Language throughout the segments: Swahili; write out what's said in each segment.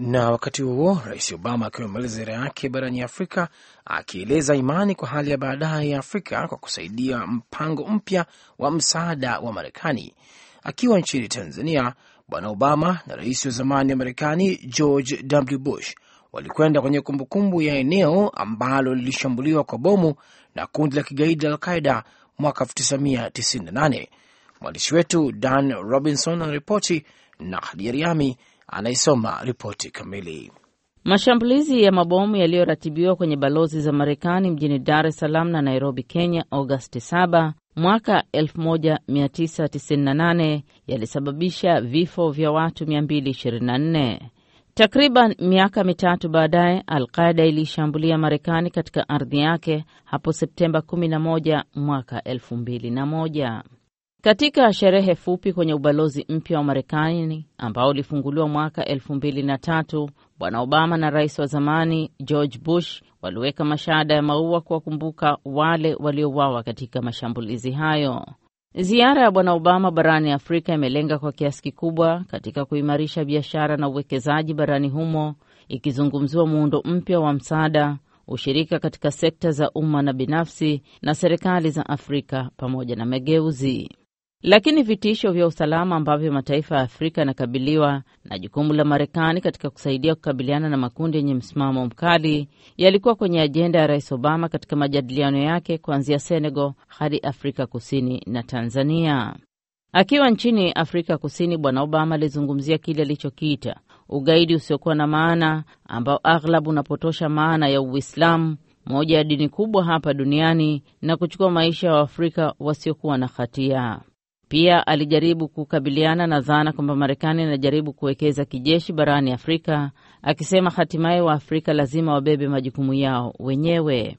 Na wakati huo Rais Obama akiwa amemaliza ziara yake barani Afrika, akieleza imani kwa hali ya baadaye ya Afrika kwa kusaidia mpango mpya wa msaada wa Marekani. Akiwa nchini Tanzania, Bwana Obama na rais wa zamani wa Marekani George W. Bush walikwenda kwenye kumbukumbu ya eneo ambalo lilishambuliwa kwa bomu na kundi la kigaidi la Alqaida mwaka 1998. Mwandishi wetu Dan Robinson anaripoti na hadiariami anaisoma ripoti kamili. Mashambulizi ya mabomu yaliyoratibiwa kwenye balozi za Marekani mjini Dar es Salaam na Nairobi, Kenya, Agosti 7 mwaka 1998 yalisababisha vifo vya watu 224. Takriban miaka mitatu baadaye, Al Qaida iliishambulia Marekani katika ardhi yake hapo Septemba 11 mwaka 2001. Katika sherehe fupi kwenye ubalozi mpya wa Marekani ambao ulifunguliwa mwaka elfu mbili na tatu, Bwana Obama na rais wa zamani George Bush waliweka mashada ya maua kuwakumbuka wale waliouawa katika mashambulizi hayo. Ziara ya Bwana Obama barani Afrika imelenga kwa kiasi kikubwa katika kuimarisha biashara na uwekezaji barani humo, ikizungumziwa muundo mpya wa msaada, ushirika katika sekta za umma na binafsi na serikali za Afrika pamoja na mageuzi. Lakini vitisho vya usalama ambavyo mataifa ya Afrika yanakabiliwa na jukumu la Marekani katika kusaidia kukabiliana na makundi yenye msimamo mkali yalikuwa kwenye ajenda ya Rais Obama katika majadiliano yake kuanzia Senegal hadi Afrika Kusini na Tanzania. Akiwa nchini Afrika Kusini, Bwana Obama alizungumzia kile alichokiita ugaidi usiokuwa na maana ambao aghlabu unapotosha maana ya Uislamu, moja ya dini kubwa hapa duniani, na kuchukua maisha ya wa Waafrika wasiokuwa na hatia. Pia alijaribu kukabiliana na dhana kwamba Marekani inajaribu kuwekeza kijeshi barani Afrika, akisema hatimaye Waafrika lazima wabebe majukumu yao wenyewe.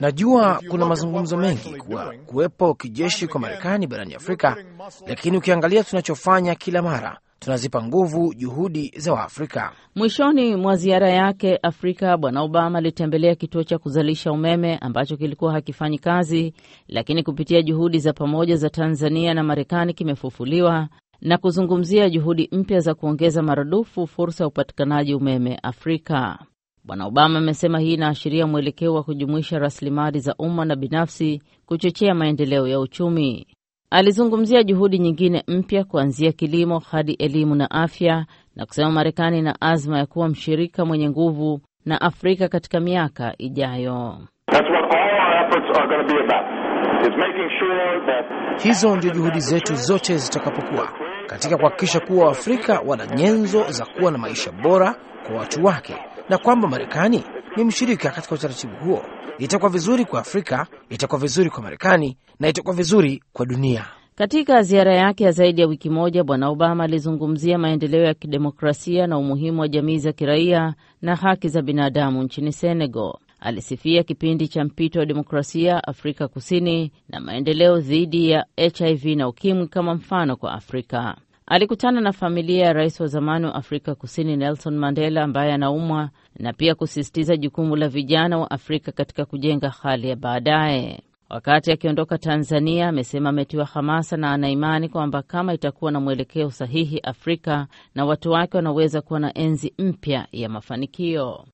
Najua kuna mazungumzo mengi kuwa kuwepo kijeshi kwa Marekani barani Afrika, lakini ukiangalia tunachofanya kila mara tunazipa nguvu juhudi za Waafrika. Mwishoni mwa ziara yake Afrika, Bwana Obama alitembelea kituo cha kuzalisha umeme ambacho kilikuwa hakifanyi kazi, lakini kupitia juhudi za pamoja za Tanzania na Marekani kimefufuliwa na kuzungumzia juhudi mpya za kuongeza maradufu fursa ya upatikanaji umeme Afrika. Bwana Obama amesema hii inaashiria mwelekeo wa kujumuisha rasilimali za umma na binafsi kuchochea maendeleo ya uchumi. Alizungumzia juhudi nyingine mpya kuanzia kilimo hadi elimu na afya na kusema Marekani ina azma ya kuwa mshirika mwenye nguvu na Afrika katika miaka ijayo. hizo ndio juhudi zetu zote zitakapokuwa katika kuhakikisha kuwa Waafrika wana nyenzo za kuwa na maisha bora kwa watu wake na kwamba Marekani ni mshirika katika utaratibu huo, itakuwa vizuri kwa Afrika, itakuwa vizuri kwa Marekani na itakuwa vizuri kwa dunia. Katika ziara yake ya zaidi ya wiki moja, Bwana Obama alizungumzia maendeleo ya kidemokrasia na umuhimu wa jamii za kiraia na haki za binadamu nchini Senegal. Alisifia kipindi cha mpito wa demokrasia Afrika Kusini na maendeleo dhidi ya HIV na ukimwi kama mfano kwa Afrika. Alikutana na familia ya rais wa zamani wa Afrika Kusini Nelson Mandela ambaye anaumwa na pia kusisitiza jukumu la vijana wa Afrika katika kujenga hali ya baadaye. Wakati akiondoka Tanzania, amesema ametiwa hamasa na ana imani kwamba kama itakuwa na mwelekeo sahihi, Afrika na watu wake wanaweza kuwa na enzi mpya ya mafanikio.